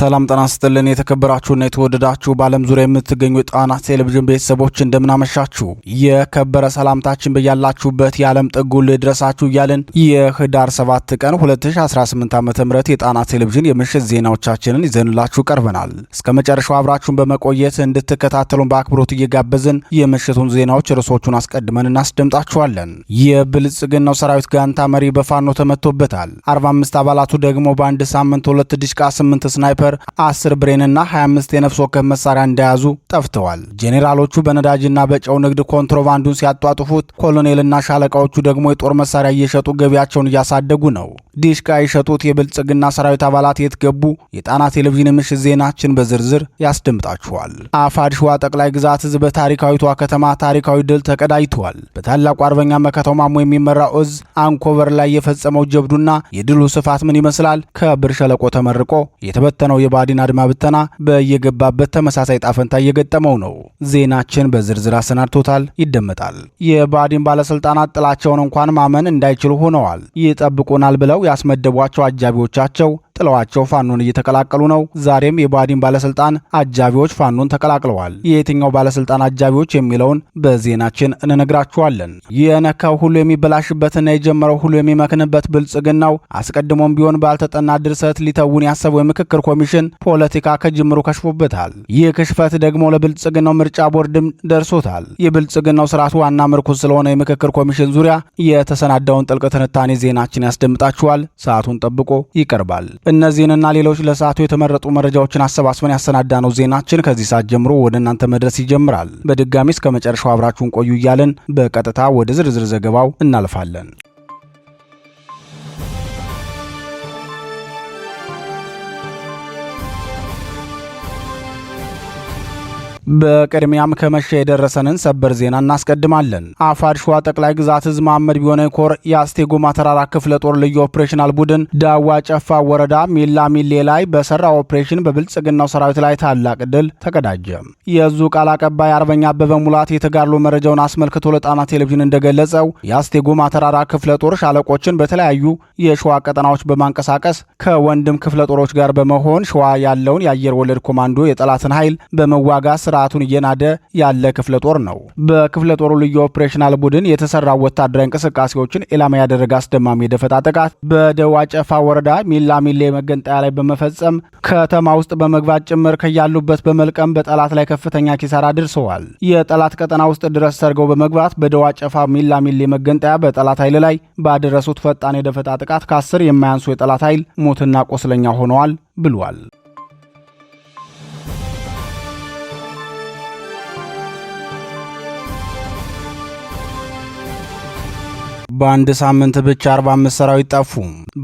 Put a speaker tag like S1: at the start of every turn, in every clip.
S1: ሰላም ጤና ይስጥልን የተከበራችሁና የተወደዳችሁ በዓለም ዙሪያ የምትገኙ የጣና ቴሌቪዥን ቤተሰቦች እንደምናመሻችሁ የከበረ ሰላምታችን በያላችሁበት የዓለም ጥጉ ልድረሳችሁ እያልን የህዳር 7 ቀን 2018 ዓ ም የጣና ቴሌቪዥን የምሽት ዜናዎቻችንን ይዘንላችሁ ቀርበናል። እስከ መጨረሻው አብራችሁን በመቆየት እንድትከታተሉን በአክብሮት እየጋበዝን የምሽቱን ዜናዎች ርዕሶቹን አስቀድመን እናስደምጣችኋለን። የብልጽግናው ሰራዊት ጋንታ መሪ በፋኖ ተመቶበታል። 45 አባላቱ ደግሞ በአንድ ሳምንት ሁለት ዲሽቃ 8 ስናይፐር በመተባበር 10 ብሬንና 25 የነፍስ ወከፍ መሳሪያ እንደያዙ ጠፍተዋል። ጄኔራሎቹ በነዳጅና በጨው ንግድ ኮንትሮባንዱን ሲያጧጥፉት፣ ኮሎኔልና ሻለቃዎቹ ደግሞ የጦር መሳሪያ እየሸጡ ገቢያቸውን እያሳደጉ ነው። ዲሽቃ የሸጡት የብልጽግና ሰራዊት አባላት የት ገቡ? የጣና ቴሌቪዥን ምሽት ዜናችን በዝርዝር ያስደምጣችኋል። አፋድ ሸዋ ጠቅላይ ግዛት እዝ በታሪካዊቷ ከተማ ታሪካዊ ድል ተቀዳጅቷል። በታላቁ አርበኛ መከተው ማሞ የሚመራ ኦዝ አንኮቨር ላይ የፈጸመው ጀብዱና የድሉ ስፋት ምን ይመስላል? ከብር ሸለቆ ተመርቆ የተበተነ የፈተነው የባዲን አድማ ብተና በየገባበት ተመሳሳይ ጣፈንታ እየገጠመው ነው። ዜናችን በዝርዝር አሰናድቶታል፣ ይደመጣል። የባዲን ባለስልጣናት ጥላቸውን እንኳን ማመን እንዳይችሉ ሆነዋል። ይጠብቁናል ብለው ያስመደቧቸው አጃቢዎቻቸው ጥለዋቸው ፋኖን እየተቀላቀሉ ነው። ዛሬም የባዲን ባለስልጣን አጃቢዎች ፋኖን ተቀላቅለዋል። የየትኛው ባለስልጣን አጃቢዎች የሚለውን በዜናችን እንነግራችኋለን። የነካው ሁሉ የሚበላሽበትና የጀመረው ሁሉ የሚመክንበት ብልጽግናው አስቀድሞም ቢሆን ባልተጠና ድርሰት ሊተውን ያሰበው የምክክር ኮሚሽን ፖለቲካ ከጅምሩ ከሽፎበታል። ይህ ክሽፈት ደግሞ ለብልጽግናው ምርጫ ቦርድም ደርሶታል። የብልጽግናው ስርዓት ዋና ምርኩዝ ስለሆነ የምክክር ኮሚሽን ዙሪያ የተሰናዳውን ጥልቅ ትንታኔ ዜናችን ያስደምጣችኋል። ሰዓቱን ጠብቆ ይቀርባል። እነዚህንና ሌሎች ለሰዓቱ የተመረጡ መረጃዎችን አሰባስበን ነው ዜናችን ከዚህ ሰዓት ጀምሮ ወደ እናንተ መድረስ ይጀምራል። በድጋሚ እስከ መጨረሻው አብራችሁን ቆዩ እያለን በቀጥታ ወደ ዝርዝር ዘገባው እናልፋለን። በቅድሚያም ከመሸ የደረሰንን ሰበር ዜና እናስቀድማለን። አፋድ ሸዋ ጠቅላይ ግዛት እዝ መሐመድ ቢሆነ ኮር የአስቴ ጎማ ተራራ ክፍለ ጦር ልዩ ኦፕሬሽናል ቡድን ዳዋ ጨፋ ወረዳ ሚላ ሚሌ ላይ በሰራ ኦፕሬሽን በብልጽግናው ሰራዊት ላይ ታላቅ ድል ተቀዳጀ። የዙ ቃል አቀባይ አርበኛ አበበ ሙላት የተጋድሎ መረጃውን አስመልክቶ ለጣና ቴሌቪዥን እንደገለጸው የአስቴ ጎማ ተራራ ክፍለ ጦር ሻለቆችን በተለያዩ የሸዋ ቀጠናዎች በማንቀሳቀስ ከወንድም ክፍለ ጦሮች ጋር በመሆን ሸዋ ያለውን የአየር ወለድ ኮማንዶ የጠላትን ኃይል በመዋጋ ስራ ስርዓቱን እየናደ ያለ ክፍለ ጦር ነው። በክፍለ ጦሩ ልዩ ኦፕሬሽናል ቡድን የተሰራው ወታደራዊ እንቅስቃሴዎችን ኢላማ ያደረገ አስደማሚ የደፈጣ ጥቃት በደዋ ጨፋ ወረዳ ሚላ ሚሌ መገንጠያ ላይ በመፈጸም ከተማ ውስጥ በመግባት ጭምር ከያሉበት በመልቀም በጠላት ላይ ከፍተኛ ኪሳራ አድርሰዋል። የጠላት ቀጠና ውስጥ ድረስ ሰርገው በመግባት በደዋ ጨፋ ሚላ ሚሌ መገንጠያ በጠላት ኃይል ላይ ባደረሱት ፈጣን የደፈጣ ጥቃት ከአስር የማያንሱ የጠላት ኃይል ሞትና ቆስለኛ ሆነዋል ብሏል። በአንድ ሳምንት ብቻ 45 ሰራዊት ጠፉ።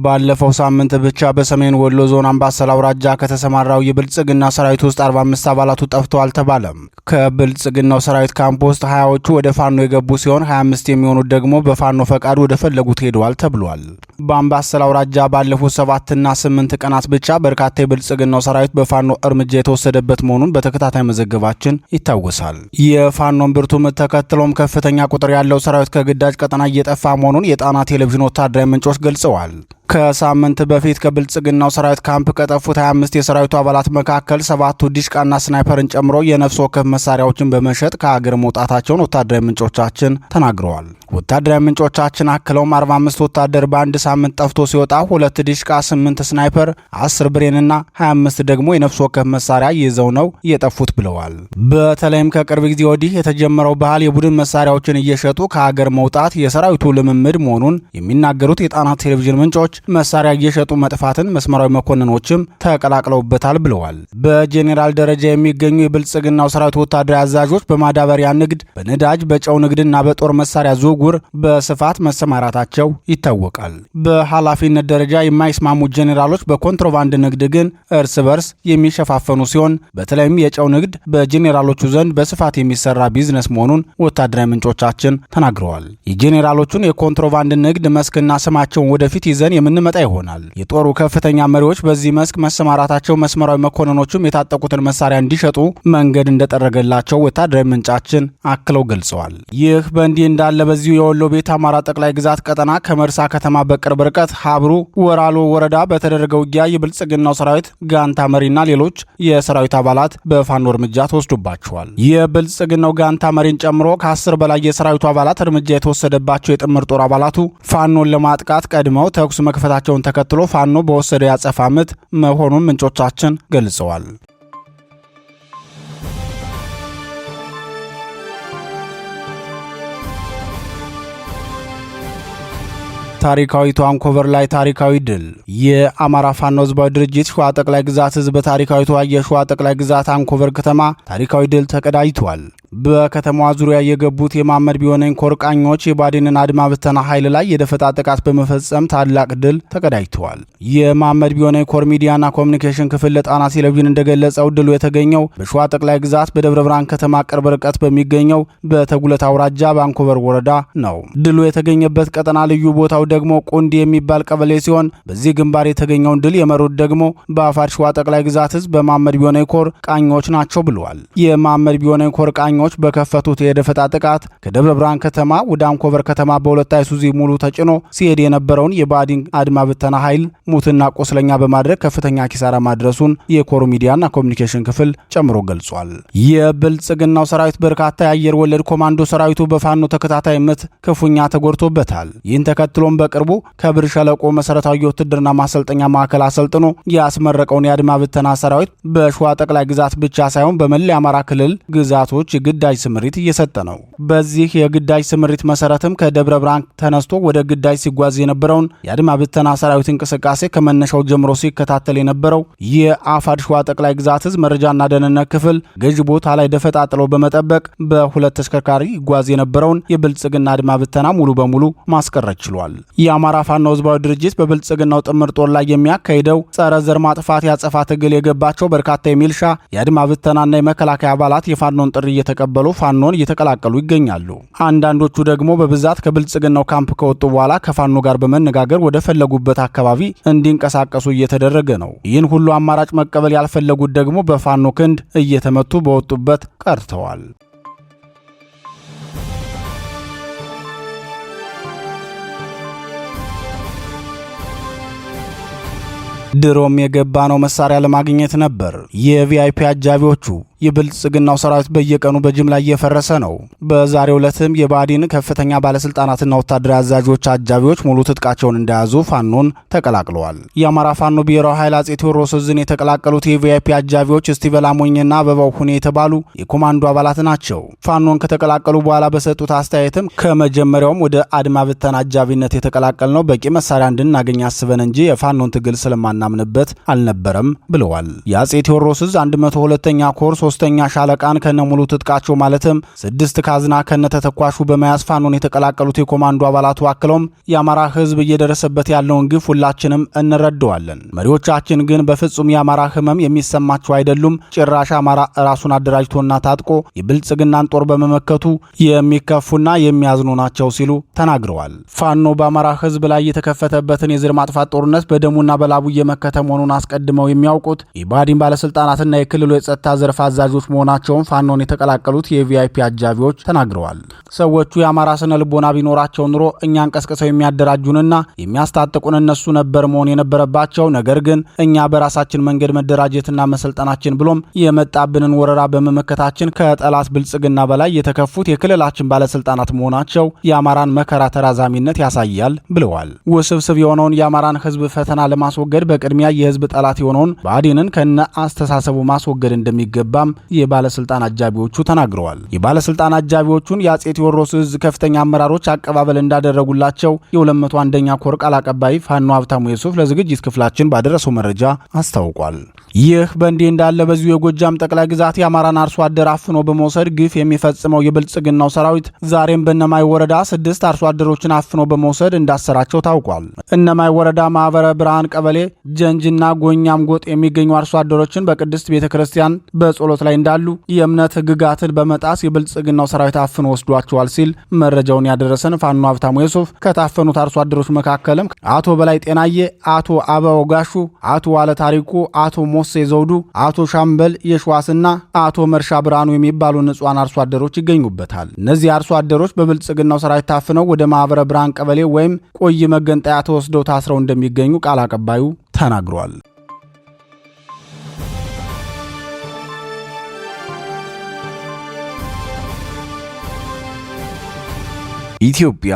S1: ባለፈው ሳምንት ብቻ በሰሜን ወሎ ዞን አምባሰል አውራጃ ከተሰማራው የብልጽግና ሰራዊት ውስጥ 45 አባላቱ ጠፍተዋል ተባለም። ከብልጽግናው ሰራዊት ካምፕ ውስጥ ሀያዎቹ ወደ ፋኖ የገቡ ሲሆን 25 የሚሆኑት ደግሞ በፋኖ ፈቃድ ወደ ፈለጉት ሄደዋል ተብሏል። በአምባሰል አውራጃ ባለፉት ሰባትና ስምንት ቀናት ብቻ በርካታ የብልጽግናው ሰራዊት በፋኖ እርምጃ የተወሰደበት መሆኑን በተከታታይ መዘገባችን ይታወሳል። የፋኖን ብርቱ ምት ተከትሎም ከፍተኛ ቁጥር ያለው ሰራዊት ከግዳጅ ቀጠና እየጠፋ መሆኑን የጣና ቴሌቪዥን ወታደራዊ ምንጮች ገልጸዋል። ከሳምንት በፊት ከብልጽግናው ሰራዊት ካምፕ ከጠፉት 25 የሰራዊቱ አባላት መካከል ሰባቱ ዲሽቃና ስናይፐርን ጨምሮ የነፍስ ወከፍ መሳሪያዎችን በመሸጥ ከሀገር መውጣታቸውን ወታደራዊ ምንጮቻችን ተናግረዋል። ወታደራዊ ምንጮቻችን አክለውም 45 ወታደር በአንድ ሳምንት ጠፍቶ ሲወጣ ሁለት ዲሽቃ፣ 8 ስናይፐር፣ 10 ብሬንና 25 ደግሞ የነፍስ ወከፍ መሳሪያ ይዘው ነው እየጠፉት ብለዋል። በተለይም ከቅርብ ጊዜ ወዲህ የተጀመረው ባህል የቡድን መሳሪያዎችን እየሸጡ ከሀገር መውጣት የሰራዊቱ ልምምድ መሆኑን የሚናገሩት የጣና ቴሌቪዥን ምንጮች መሳሪያ እየሸጡ መጥፋትን መስመራዊ መኮንኖችም ተቀላቅለውበታል ብለዋል። በጄኔራል ደረጃ የሚገኙ የብልጽግናው ሰራዊት ወታደራዊ አዛዦች በማዳበሪያ ንግድ፣ በነዳጅ፣ በጨው ንግድና በጦር መሳሪያ ዝውውር በስፋት መሰማራታቸው ይታወቃል። በኃላፊነት ደረጃ የማይስማሙ ጄኔራሎች በኮንትሮባንድ ንግድ ግን እርስ በርስ የሚሸፋፈኑ ሲሆን በተለይም የጨው ንግድ በጄኔራሎቹ ዘንድ በስፋት የሚሰራ ቢዝነስ መሆኑን ወታደራዊ ምንጮቻችን ተናግረዋል። የጄኔራሎቹን የኮንትሮባንድ ንግድ መስክና ስማቸውን ወደፊት ይዘን የምንመጣ ይሆናል። የጦሩ ከፍተኛ መሪዎች በዚህ መስክ መሰማራታቸው መስመራዊ መኮንኖቹም የታጠቁትን መሳሪያ እንዲሸጡ መንገድ እንደጠረገላቸው ወታደራዊ ምንጫችን አክለው ገልጸዋል። ይህ በእንዲህ እንዳለ በዚሁ የወሎ ቤት አማራ ጠቅላይ ግዛት ቀጠና ከመርሳ ከተማ በቅርብ ርቀት ሀብሩ ወራሎ ወረዳ በተደረገ ውጊያ የብልጽግናው ሰራዊት ጋንታ መሪና ሌሎች የሰራዊት አባላት በፋኖ እርምጃ ተወስዶባቸዋል። የብልጽግናው ጋንታ መሪን ጨምሮ ከአስር በላይ የሰራዊቱ አባላት እርምጃ የተወሰደባቸው የጥምር ጦር አባላቱ ፋኖን ለማጥቃት ቀድመው ተኩስ መክፈታቸውን ተከትሎ ፋኖ በወሰደ ያጸፋ ምት መሆኑን ምንጮቻችን ገልጸዋል። ታሪካዊቷ አንኮበር ላይ ታሪካዊ ድል። የአማራ ፋኖ ህዝባዊ ድርጅት ሸዋ ጠቅላይ ግዛት ህዝብ በታሪካዊቷ የሸዋ ጠቅላይ ግዛት አንኮበር ከተማ ታሪካዊ ድል ተቀዳጅቷል። በከተማዋ ዙሪያ የገቡት የማመድ ቢሆነኝ ኮርቃኞች የባዴንን አድማ ብተና ኃይል ላይ የደፈጣ ጥቃት በመፈጸም ታላቅ ድል ተቀዳጅተዋል። የማመድ ቢሆነኝ ኮር ሚዲያና ኮሚኒኬሽን ክፍል ለጣና ቴሌቪዥን እንደገለጸው ድሉ የተገኘው በሸዋ ጠቅላይ ግዛት በደብረ ብርሃን ከተማ ቅርብ ርቀት በሚገኘው በተጉለት አውራጃ ባንኮበር ወረዳ ነው። ድሉ የተገኘበት ቀጠና ልዩ ቦታው ደግሞ ቁንድ የሚባል ቀበሌ ሲሆን በዚህ ግንባር የተገኘውን ድል የመሩት ደግሞ በአፋር ሸዋ ጠቅላይ ግዛት ህዝብ በማመድ ቢሆነኝ ኮር ቃኞች ናቸው ብለዋል። የማመድ ቢሆነኝ ኮር ቃኞች ነውጠኞች በከፈቱት የደፈጣ ጥቃት ከደብረ ብርሃን ከተማ ወደ አንኮበር ከተማ በሁለት አይሱዚ ሙሉ ተጭኖ ሲሄድ የነበረውን የባዲን አድማ ብተና ኃይል ሙትና ቆስለኛ በማድረግ ከፍተኛ ኪሳራ ማድረሱን የኮሩ ሚዲያና ኮሚኒኬሽን ክፍል ጨምሮ ገልጿል። የብልጽግናው ሰራዊት በርካታ የአየር ወለድ ኮማንዶ ሰራዊቱ በፋኖ ተከታታይ ምት ክፉኛ ተጎድቶበታል። ይህን ተከትሎም በቅርቡ ከብር ሸለቆ መሰረታዊ የውትድርና ማሰልጠኛ ማዕከል አሰልጥኖ ያስመረቀውን የአድማ ብተና ሰራዊት በሸዋ ጠቅላይ ግዛት ብቻ ሳይሆን በመላ የአማራ ክልል ግዛቶች ግዳጅ ስምሪት እየሰጠ ነው። በዚህ የግዳጅ ስምሪት መሰረትም ከደብረ ብርሃን ተነስቶ ወደ ግዳጅ ሲጓዝ የነበረውን የአድማ ብተና ሰራዊት እንቅስቃሴ ከመነሻው ጀምሮ ሲከታተል የነበረው የአፋድ ሸዋ ጠቅላይ ግዛት እዝ መረጃና ደህንነት ክፍል ገዥ ቦታ ላይ ደፈጣ በመጠበቅ በሁለት ተሽከርካሪ ይጓዝ የነበረውን የብልጽግና አድማ ብተና ሙሉ በሙሉ ማስቀረት ችሏል። የአማራ ፋኖ ህዝባዊ ድርጅት በብልጽግናው ጥምር ጦር ላይ የሚያካሂደው ጸረ ዘር ማጥፋት ያጸፋ ትግል የገባቸው በርካታ የሚልሻ የአድማ ብተናና የመከላከያ አባላት የፋኖን ጥሪ እየተ የተቀበሉ ፋኖን እየተቀላቀሉ ይገኛሉ። አንዳንዶቹ ደግሞ በብዛት ከብልጽግናው ካምፕ ከወጡ በኋላ ከፋኖ ጋር በመነጋገር ወደ ፈለጉበት አካባቢ እንዲንቀሳቀሱ እየተደረገ ነው። ይህን ሁሉ አማራጭ መቀበል ያልፈለጉት ደግሞ በፋኖ ክንድ እየተመቱ በወጡበት ቀርተዋል። ድሮም የገባ ነው መሳሪያ ለማግኘት ነበር የቪአይፒ አጃቢዎቹ የብልጽግናው ሰራዊት በየቀኑ በጅምላ እየፈረሰ ነው። በዛሬው ዕለትም የባዲን ከፍተኛ ባለስልጣናትና ወታደራዊ አዛዦች፣ አጃቢዎች ሙሉ ትጥቃቸውን እንደያዙ ፋኖን ተቀላቅለዋል። የአማራ ፋኖ ብሔራዊ ኃይል አጼ ቴዎድሮስ እዝን የተቀላቀሉት የቪአይፒ አጃቢዎች እስቲቨላ ሞኝና አበባው ሁኔ የተባሉ የኮማንዶ አባላት ናቸው። ፋኖን ከተቀላቀሉ በኋላ በሰጡት አስተያየትም ከመጀመሪያውም ወደ አድማ ብተን አጃቢነት የተቀላቀል ነው በቂ መሳሪያ እንድናገኝ አስበን እንጂ የፋኖን ትግል ስለማናምንበት አልነበረም ብለዋል። የአጼ ቴዎድሮስ እዝ 102ኛ ኮርስ ሶስተኛ ሻለቃን ከነሙሉ ትጥቃቸው ማለትም ስድስት ካዝና ከነተተኳሹ በመያዝ ፋኖን የተቀላቀሉት የኮማንዶ አባላቱ አክለውም የአማራ ህዝብ እየደረሰበት ያለውን ግፍ ሁላችንም እንረደዋለን። መሪዎቻችን ግን በፍጹም የአማራ ህመም የሚሰማቸው አይደሉም። ጭራሽ አማራ ራሱን አደራጅቶና ታጥቆ የብልጽግናን ጦር በመመከቱ የሚከፉና የሚያዝኑ ናቸው ሲሉ ተናግረዋል። ፋኖ በአማራ ህዝብ ላይ የተከፈተበትን የዘር ማጥፋት ጦርነት በደሙና በላቡ እየመከተ መሆኑን አስቀድመው የሚያውቁት የባዲን ባለስልጣናትና የክልሉ የጸጥታ ዘርፍ አዛዦች መሆናቸውን ፋኖን የተቀላቀሉት የቪአይፒ አጃቢዎች ተናግረዋል። ሰዎቹ የአማራ ስነ ልቦና ቢኖራቸው ኑሮ እኛን ቀስቅሰው የሚያደራጁንና የሚያስታጥቁን እነሱ ነበር መሆን የነበረባቸው። ነገር ግን እኛ በራሳችን መንገድ መደራጀትና መሰልጠናችን ብሎም የመጣብንን ወረራ በመመከታችን ከጠላት ብልጽግና በላይ የተከፉት የክልላችን ባለስልጣናት መሆናቸው የአማራን መከራ ተራዛሚነት ያሳያል ብለዋል። ውስብስብ የሆነውን የአማራን ህዝብ ፈተና ለማስወገድ በቅድሚያ የህዝብ ጠላት የሆነውን ብአዴንን ከነ አስተሳሰቡ ማስወገድ እንደሚገባ እንደሚሰራም የባለስልጣን አጃቢዎቹ ተናግረዋል። የባለስልጣን አጃቢዎቹን የአጼ ቴዎድሮስ እዝ ከፍተኛ አመራሮች አቀባበል እንዳደረጉላቸው የ201ኛ ኮር ቃል አቀባይ ፋኖ ሀብታሙ የሱፍ ለዝግጅት ክፍላችን ባደረሰው መረጃ አስታውቋል። ይህ በእንዲህ እንዳለ በዚሁ የጎጃም ጠቅላይ ግዛት የአማራን አርሶ አደር አፍኖ በመውሰድ ግፍ የሚፈጽመው የብልጽግናው ሰራዊት ዛሬም በእነማይ ወረዳ ስድስት አርሶ አደሮችን አፍኖ በመውሰድ እንዳሰራቸው ታውቋል። እነማይ ወረዳ ማህበረ ብርሃን ቀበሌ ጀንጅና ጎኛም ጎጥ የሚገኙ አርሶ አደሮችን በቅድስት ቤተ ክርስቲያን በጸሎት ላይ እንዳሉ የእምነት ህግጋትን በመጣስ የብልጽግናው ሰራዊት አፍኖ ወስዷቸዋል ሲል መረጃውን ያደረሰን ፋኖ ሀብታሙ የሱፍ ከታፈኑት አርሶ አደሮች መካከልም አቶ በላይ ጤናዬ፣ አቶ አበው ጋሹ፣ አቶ ዋለ ታሪኩ፣ አቶ ሞ ሙሴ ዘውዱ፣ አቶ ሻምበል የሸዋስና አቶ መርሻ ብርሃኑ የሚባሉ ንጹሐን አርሶ አደሮች ይገኙበታል። እነዚህ አርሶ አደሮች በብልጽግናው ሰራዊት ታፍነው ወደ ማህበረ ብርሃን ቀበሌ ወይም ቆይ መገንጠያ ተወስደው ታስረው እንደሚገኙ ቃል አቀባዩ ተናግሯል። ኢትዮጵያ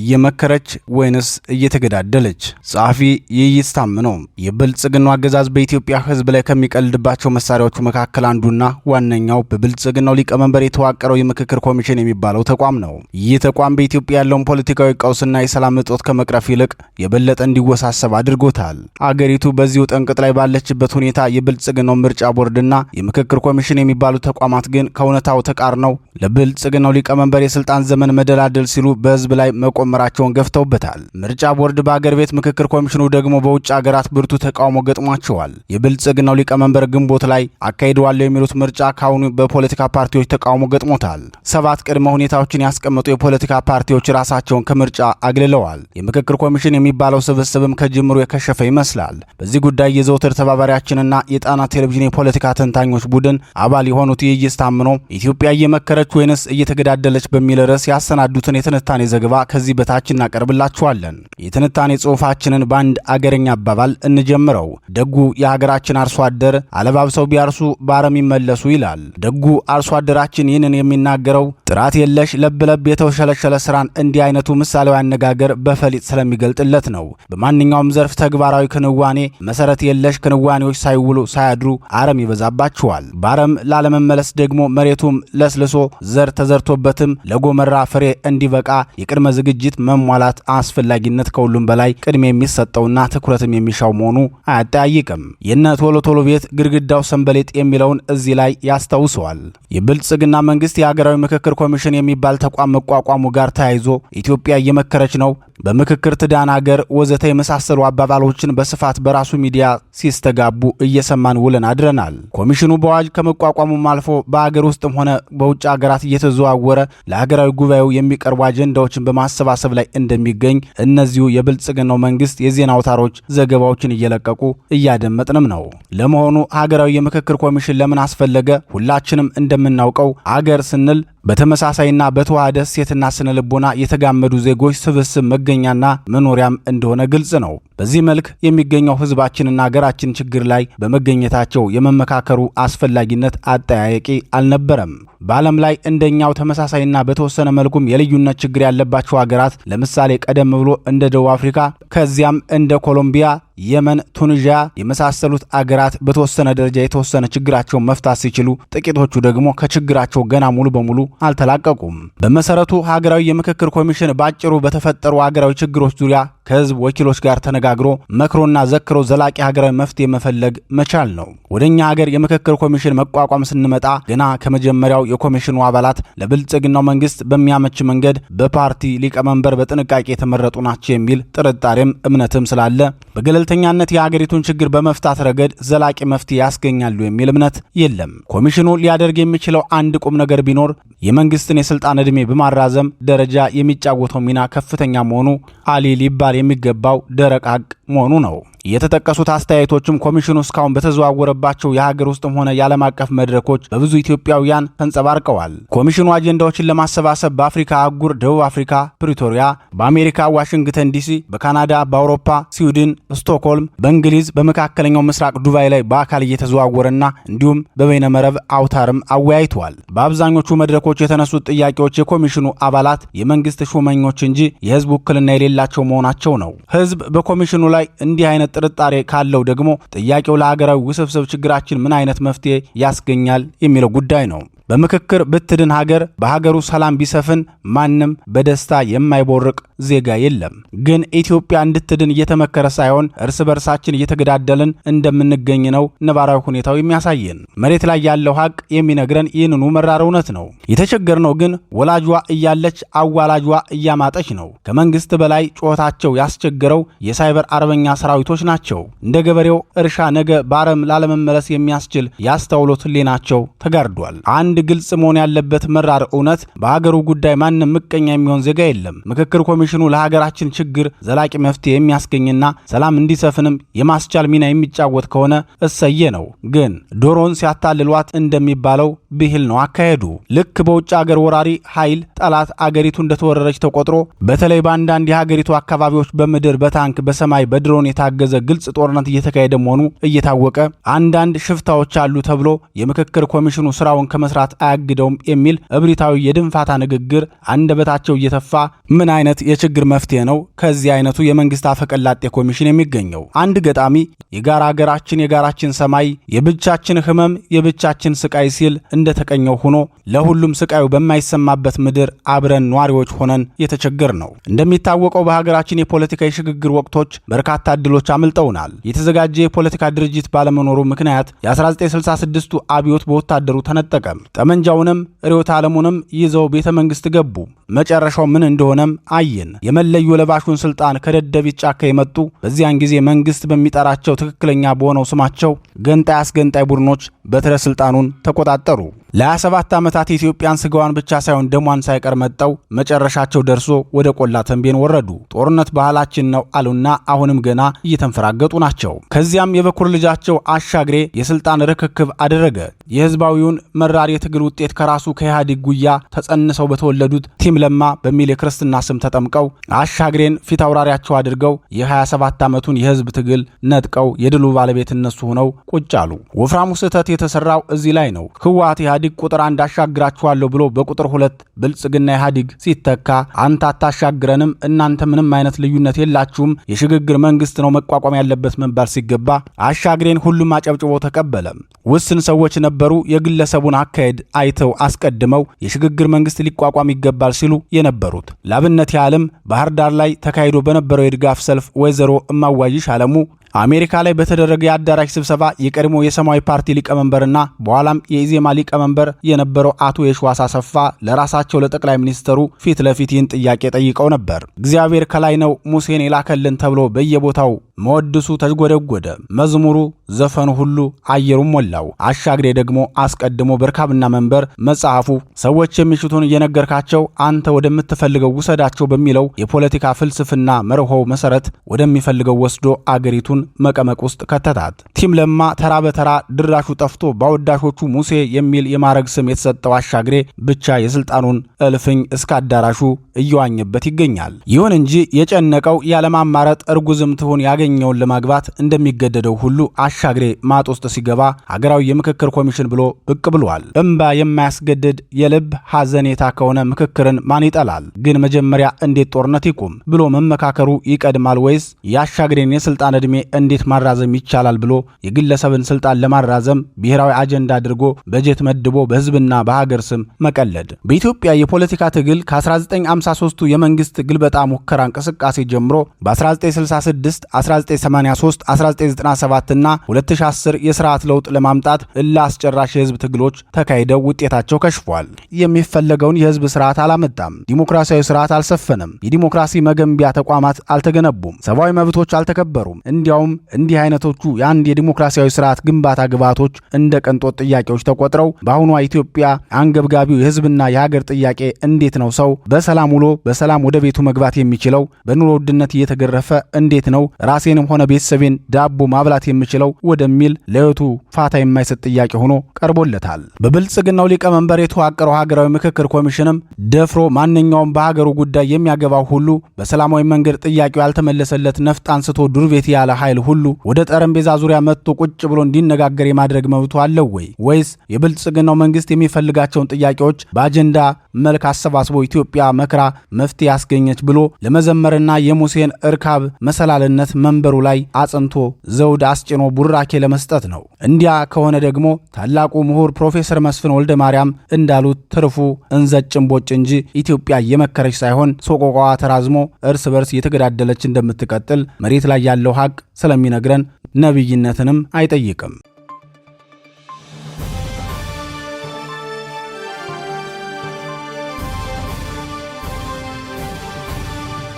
S1: እየመከረች ወይንስ እየተገዳደለች? ጸሐፊ ይይት ታምነው የብልጽግናው አገዛዝ በኢትዮጵያ ሕዝብ ላይ ከሚቀልድባቸው መሳሪያዎቹ መካከል አንዱና ዋነኛው በብልጽግናው ሊቀመንበር የተዋቀረው የምክክር ኮሚሽን የሚባለው ተቋም ነው። ይህ ተቋም በኢትዮጵያ ያለውን ፖለቲካዊ ቀውስና የሰላም እጦት ከመቅረፍ ይልቅ የበለጠ እንዲወሳሰብ አድርጎታል። አገሪቱ በዚሁ ጠንቅጥ ላይ ባለችበት ሁኔታ የብልጽግናው ምርጫ ቦርድና የምክክር ኮሚሽን የሚባሉ ተቋማት ግን ከእውነታው ተቃርነው ለብልጽግናው ሊቀመንበር የስልጣን ዘመን መደላደል ሲሉ በሕዝብ ላይ መቆ መቆመራቸውን ገፍተውበታል። ምርጫ ቦርድ በአገር ቤት ምክክር ኮሚሽኑ ደግሞ በውጭ አገራት ብርቱ ተቃውሞ ገጥሟቸዋል። የብልጽግናው ሊቀመንበር ግንቦት ላይ አካሂደዋለሁ የሚሉት ምርጫ ካሁኑ በፖለቲካ ፓርቲዎች ተቃውሞ ገጥሞታል። ሰባት ቅድመ ሁኔታዎችን ያስቀመጡ የፖለቲካ ፓርቲዎች ራሳቸውን ከምርጫ አግልለዋል። የምክክር ኮሚሽን የሚባለው ስብስብም ከጅምሩ የከሸፈ ይመስላል። በዚህ ጉዳይ የዘውትር ተባባሪያችንና የጣና ቴሌቪዥን የፖለቲካ ተንታኞች ቡድን አባል የሆኑት ይይስ ታምኖ ኢትዮጵያ እየመከረች ወይንስ እየተገዳደለች በሚል ርዕስ ያሰናዱትን የትንታኔ ዘገባ ከዚህ ከዚህ በታች እናቀርብላችኋለን። የትንታኔ ጽሑፋችንን በአንድ አገረኛ አባባል እንጀምረው። ደጉ የሀገራችን አርሶ አደር አለባብሰው ቢያርሱ በአረም ይመለሱ ይላል። ደጉ አርሶ አደራችን ይህንን የሚናገረው ጥራት የለሽ ለብለብ የተውሸለሸለ ስራን እንዲህ አይነቱ ምሳሌው አነጋገር በፈሊጥ ስለሚገልጥለት ነው። በማንኛውም ዘርፍ ተግባራዊ ክንዋኔ መሰረት የለሽ ክንዋኔዎች ሳይውሉ ሳያድሩ አረም ይበዛባቸዋል። በአረም ላለመመለስ ደግሞ መሬቱም ለስልሶ ዘር ተዘርቶበትም ለጎመራ ፍሬ እንዲበቃ የቅድመ ዝግጅ ዝግጅት መሟላት አስፈላጊነት ከሁሉም በላይ ቅድሚያ የሚሰጠውና ትኩረትም የሚሻው መሆኑ አያጠያይቅም። የነ ቶሎ ቶሎ ቤት ግድግዳው ሰንበሌጥ የሚለውን እዚህ ላይ ያስታውሰዋል። የብልጽግና መንግስት የሀገራዊ ምክክር ኮሚሽን የሚባል ተቋም መቋቋሙ ጋር ተያይዞ ኢትዮጵያ እየመከረች ነው፣ በምክክር ትዳን አገር ወዘተ የመሳሰሉ አባባሎችን በስፋት በራሱ ሚዲያ ሲስተጋቡ እየሰማን ውለን አድረናል። ኮሚሽኑ በአዋጅ ከመቋቋሙም አልፎ በአገር ውስጥም ሆነ በውጭ ሀገራት እየተዘዋወረ ለሀገራዊ ጉባኤው የሚቀርቡ አጀንዳዎችን በማሰባ በማሰባሰብ ላይ እንደሚገኝ እነዚሁ የብልጽግናው መንግስት የዜና አውታሮች ዘገባዎችን እየለቀቁ እያደመጥንም ነው። ለመሆኑ ሀገራዊ የምክክር ኮሚሽን ለምን አስፈለገ? ሁላችንም እንደምናውቀው አገር ስንል በተመሳሳይና በተዋሃደ እሴትና ስነ ልቦና የተጋመዱ ዜጎች ስብስብ መገኛና መኖሪያም እንደሆነ ግልጽ ነው። በዚህ መልክ የሚገኘው ህዝባችንና አገራችን ችግር ላይ በመገኘታቸው የመመካከሩ አስፈላጊነት አጠያያቂ አልነበረም። በዓለም ላይ እንደኛው ተመሳሳይና በተወሰነ መልኩም የልዩነት ችግር ያለባቸው ሀገራት ለምሳሌ ቀደም ብሎ እንደ ደቡብ አፍሪካ ከዚያም እንደ ኮሎምቢያ የመን፣ ቱኒዥያ የመሳሰሉት አገራት በተወሰነ ደረጃ የተወሰነ ችግራቸውን መፍታት ሲችሉ፣ ጥቂቶቹ ደግሞ ከችግራቸው ገና ሙሉ በሙሉ አልተላቀቁም። በመሰረቱ ሀገራዊ የምክክር ኮሚሽን ባጭሩ በተፈጠሩ ሀገራዊ ችግሮች ዙሪያ ከህዝብ ወኪሎች ጋር ተነጋግሮ መክሮና ዘክሮ ዘላቂ ሀገራዊ መፍትሄ መፈለግ መቻል ነው። ወደ እኛ ሀገር የምክክር ኮሚሽን መቋቋም ስንመጣ ገና ከመጀመሪያው የኮሚሽኑ አባላት ለብልጽግናው መንግስት በሚያመች መንገድ በፓርቲ ሊቀመንበር በጥንቃቄ የተመረጡ ናቸው የሚል ጥርጣሬም እምነትም ስላለ በገለልተኛነት የሀገሪቱን ችግር በመፍታት ረገድ ዘላቂ መፍትሄ ያስገኛሉ የሚል እምነት የለም። ኮሚሽኑ ሊያደርግ የሚችለው አንድ ቁም ነገር ቢኖር የመንግስትን የስልጣን ዕድሜ በማራዘም ደረጃ የሚጫወተው ሚና ከፍተኛ መሆኑ አሊ ሊባል የሚገባው ደረቅ ሀቅ መሆኑ ነው። የተጠቀሱት አስተያየቶችም ኮሚሽኑ እስካሁን በተዘዋወረባቸው የሀገር ውስጥም ሆነ የዓለም አቀፍ መድረኮች በብዙ ኢትዮጵያውያን ተንጸባርቀዋል። ኮሚሽኑ አጀንዳዎችን ለማሰባሰብ በአፍሪካ አህጉር ደቡብ አፍሪካ ፕሪቶሪያ፣ በአሜሪካ ዋሽንግተን ዲሲ፣ በካናዳ፣ በአውሮፓ ስዊድን ስቶክሆልም፣ በእንግሊዝ፣ በመካከለኛው ምስራቅ ዱባይ ላይ በአካል እየተዘዋወረና እንዲሁም በበይነመረብ አውታርም አወያይተዋል። በአብዛኞቹ መድረኮች የተነሱት ጥያቄዎች የኮሚሽኑ አባላት የመንግስት ሹመኞች እንጂ የህዝብ ውክልና የሌላቸው መሆናቸው ነው። ህዝብ በኮሚሽኑ ላይ እንዲህ አይነት አይነት ጥርጣሬ ካለው ደግሞ ጥያቄው ለሀገራዊ ውስብስብ ችግራችን ምን አይነት መፍትሄ ያስገኛል የሚለው ጉዳይ ነው። በምክክር ብትድን ሀገር በሀገሩ ሰላም ቢሰፍን ማንም በደስታ የማይቦርቅ ዜጋ የለም። ግን ኢትዮጵያ እንድትድን እየተመከረ ሳይሆን እርስ በርሳችን እየተገዳደልን እንደምንገኝ ነው ነባራዊ ሁኔታው የሚያሳየን። መሬት ላይ ያለው ሀቅ የሚነግረን ይህንኑ መራር እውነት ነው። የተቸገርነው ግን ወላጇ እያለች አዋላጇ እያማጠች ነው። ከመንግስት በላይ ጩኸታቸው ያስቸገረው የሳይበር አርበኛ ሰራዊቶች ናቸው። እንደ ገበሬው እርሻ ነገ በአረም ላለመመለስ የሚያስችል ያስተውሎት ህሊናቸው ተጋርዷል። አንድ ግልጽ መሆን ያለበት መራር እውነት በሀገሩ ጉዳይ ማንም ምቀኛ የሚሆን ዜጋ የለም። ምክክር ኮሚሽኑ ለሀገራችን ችግር ዘላቂ መፍትሄ የሚያስገኝና ሰላም እንዲሰፍንም የማስቻል ሚና የሚጫወት ከሆነ እሰየ ነው። ግን ዶሮን ሲያታልሏት እንደሚባለው ብሂል ነው አካሄዱ። ልክ በውጭ አገር ወራሪ ኃይል ጠላት አገሪቱ እንደተወረረች ተቆጥሮ በተለይ በአንዳንድ የሀገሪቱ አካባቢዎች በምድር በታንክ በሰማይ በድሮን የታገዘ ግልጽ ጦርነት እየተካሄደ መሆኑ እየታወቀ አንዳንድ ሽፍታዎች አሉ ተብሎ የምክክር ኮሚሽኑ ስራውን ከመስራት መስራት አያግደውም የሚል እብሪታዊ የድንፋታ ንግግር አንደበታቸው እየተፋ ምን አይነት የችግር መፍትሄ ነው ከዚህ አይነቱ የመንግስት አፈቀላጤ ኮሚሽን የሚገኘው? አንድ ገጣሚ የጋራ ሀገራችን የጋራችን ሰማይ የብቻችን ህመም የብቻችን ስቃይ ሲል እንደተቀኘው ሆኖ ለሁሉም ስቃዩ በማይሰማበት ምድር አብረን ነዋሪዎች ሆነን የተቸገር ነው። እንደሚታወቀው በሀገራችን የፖለቲካ የሽግግር ወቅቶች በርካታ እድሎች አምልጠውናል። የተዘጋጀ የፖለቲካ ድርጅት ባለመኖሩ ምክንያት የ1966ቱ አብዮት በወታደሩ ተነጠቀም። ጠመንጃውንም ርዕዮተ ዓለሙንም ይዘው ቤተ መንግሥት ገቡ። መጨረሻው ምን እንደሆነም አየን። የመለዮ ለባሹን ስልጣን ከደደቢት ጫካ የመጡ በዚያን ጊዜ መንግሥት በሚጠራቸው ትክክለኛ በሆነው ስማቸው ገንጣይ አስገንጣይ ቡድኖች በትረ ስልጣኑን ተቆጣጠሩ። ለ27 ዓመታት የኢትዮጵያን ስጋዋን ብቻ ሳይሆን ደሟን ሳይቀር መጠው መጨረሻቸው ደርሶ ወደ ቆላ ተንቤን ወረዱ። ጦርነት ባህላችን ነው አሉና አሁንም ገና እየተንፈራገጡ ናቸው። ከዚያም የበኩር ልጃቸው አሻግሬ የስልጣን ርክክብ አደረገ። የህዝባዊውን መራር የትግል ውጤት ከራሱ ከኢህአዴግ ጉያ ተጸንሰው በተወለዱት ቲም ለማ በሚል የክርስትና ስም ተጠምቀው አሻግሬን ፊት አውራሪያቸው አድርገው የ27 ዓመቱን የህዝብ ትግል ነጥቀው የድሉ ባለቤት እነሱ ሆነው ቁጭ አሉ። ወፍራሙ ስህተት የተሰራው እዚህ ላይ ነው። ህወሓት ኢህአዲግ ቁጥር አንድ አሻግራችኋለሁ ብሎ በቁጥር ሁለት ብልጽግና ኢህአዲግ ሲተካ አንተ አታሻግረንም፣ እናንተ ምንም አይነት ልዩነት የላችሁም፣ የሽግግር መንግስት ነው መቋቋም ያለበት መባል ሲገባ አሻግሬን ሁሉም አጨብጭቦ ተቀበለ። ውስን ሰዎች ነበሩ የግለሰቡን አካሄድ አይተው አስቀድመው የሽግግር መንግስት ሊቋቋም ይገባል ሲሉ የነበሩት። ላብነት ያህልም ባህር ዳር ላይ ተካሂዶ በነበረው የድጋፍ ሰልፍ ወይዘሮ እማዋይሽ አለሙ አሜሪካ ላይ በተደረገ የአዳራሽ ስብሰባ የቀድሞ የሰማያዊ ፓርቲ ሊቀመንበርና በኋላም የኢዜማ ሊቀመንበር የነበረው አቶ የሸዋስ አሰፋ ለራሳቸው ለጠቅላይ ሚኒስትሩ ፊት ለፊት ይህን ጥያቄ ጠይቀው ነበር። እግዚአብሔር ከላይ ነው ሙሴን የላከልን ተብሎ በየቦታው መወድሱ ተጎደጎደ፣ መዝሙሩ ዘፈኑ ሁሉ አየሩን ሞላው። አሻግሬ ደግሞ አስቀድሞ በርካብና መንበር መጽሐፉ ሰዎች የሚሽቱን እየነገርካቸው አንተ ወደምትፈልገው ውሰዳቸው በሚለው የፖለቲካ ፍልስፍና መርሆው መሰረት ወደሚፈልገው ወስዶ አገሪቱን መቀመቅ ውስጥ ከተታት። ቲም ለማ ተራ በተራ ድራሹ ጠፍቶ በአወዳሾቹ ሙሴ የሚል የማዕረግ ስም የተሰጠው አሻግሬ ብቻ የስልጣኑን እልፍኝ እስከ አዳራሹ እየዋኘበት ይገኛል። ይሁን እንጂ የጨነቀው ያለማማረጥ እርጉዝም ትሁን ያገኘውን ለማግባት እንደሚገደደው ሁሉ አሻግሬ ማጥ ውስጥ ሲገባ ሀገራዊ የምክክር ኮሚሽን ብሎ ብቅ ብሏል። እምባ የማያስገድድ የልብ ሀዘኔታ ከሆነ ምክክርን ማን ይጠላል? ግን መጀመሪያ እንዴት ጦርነት ይቁም ብሎ መመካከሩ ይቀድማል ወይስ የአሻግሬን የስልጣን ዕድሜ እንዴት ማራዘም ይቻላል ብሎ የግለሰብን ስልጣን ለማራዘም ብሔራዊ አጀንዳ አድርጎ በጀት መድቦ በህዝብና በሀገር ስም መቀለድ? በኢትዮጵያ የፖለቲካ ትግል ከ1953ቱ የመንግስት ግልበጣ ሙከራ እንቅስቃሴ ጀምሮ በ1966 1997 እና 2010 የስርዓት ለውጥ ለማምጣት እልህ አስጨራሽ የህዝብ ትግሎች ተካሂደው ውጤታቸው ከሽፏል። የሚፈለገውን የህዝብ ስርዓት አላመጣም። ዲሞክራሲያዊ ስርዓት አልሰፈነም። የዲሞክራሲ መገንቢያ ተቋማት አልተገነቡም። ሰብአዊ መብቶች አልተከበሩም። እንዲያውም እንዲህ አይነቶቹ የአንድ የዲሞክራሲያዊ ስርዓት ግንባታ ግብዓቶች እንደ ቀንጦት ጥያቄዎች ተቆጥረው በአሁኗ ኢትዮጵያ አንገብጋቢው የህዝብና የሀገር ጥያቄ እንዴት ነው ሰው በሰላም ውሎ በሰላም ወደ ቤቱ መግባት የሚችለው? በኑሮ ውድነት እየተገረፈ እንዴት ነው ራስ ራሴንም ሆነ ቤተሰቤን ዳቦ ማብላት የምችለው ወደሚል ለህይወቱ ፋታ የማይሰጥ ጥያቄ ሆኖ ቀርቦለታል። በብልጽግናው ሊቀመንበር የተዋቀረው ሀገራዊ ምክክር ኮሚሽንም ደፍሮ ማንኛውም በሀገሩ ጉዳይ የሚያገባው ሁሉ በሰላማዊ መንገድ ጥያቄው ያልተመለሰለት ነፍጥ አንስቶ ዱር ቤት ያለ ኃይል ሁሉ ወደ ጠረጴዛ ዙሪያ መጥቶ ቁጭ ብሎ እንዲነጋገር የማድረግ መብቱ አለው ወይ? ወይስ የብልጽግናው መንግስት የሚፈልጋቸውን ጥያቄዎች በአጀንዳ መልክ አሰባስቦ ኢትዮጵያ መክራ መፍትሄ ያስገኘች ብሎ ለመዘመርና የሙሴን እርካብ መሰላልነት መንበሩ ላይ አጽንቶ ዘውድ አስጭኖ ቡራኬ ለመስጠት ነው። እንዲያ ከሆነ ደግሞ ታላቁ ምሁር ፕሮፌሰር መስፍን ወልደ ማርያም እንዳሉት ትርፉ እንዘጭን ቦጭ እንጂ ኢትዮጵያ እየመከረች ሳይሆን ሶቆቋዋ ተራዝሞ እርስ በርስ እየተገዳደለች እንደምትቀጥል መሬት ላይ ያለው ሀቅ ስለሚነግረን ነቢይነትንም አይጠይቅም።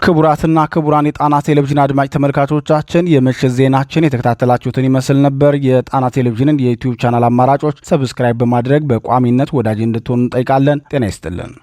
S1: ክቡራትና ክቡራን የጣና ቴሌቪዥን አድማጭ ተመልካቾቻችን የምሽት ዜናችን የተከታተላችሁትን ይመስል ነበር። የጣና ቴሌቪዥንን የዩትዩብ ቻናል አማራጮች ሰብስክራይብ በማድረግ በቋሚነት ወዳጅ እንድትሆኑ እንጠይቃለን። ጤና ይስጥልን።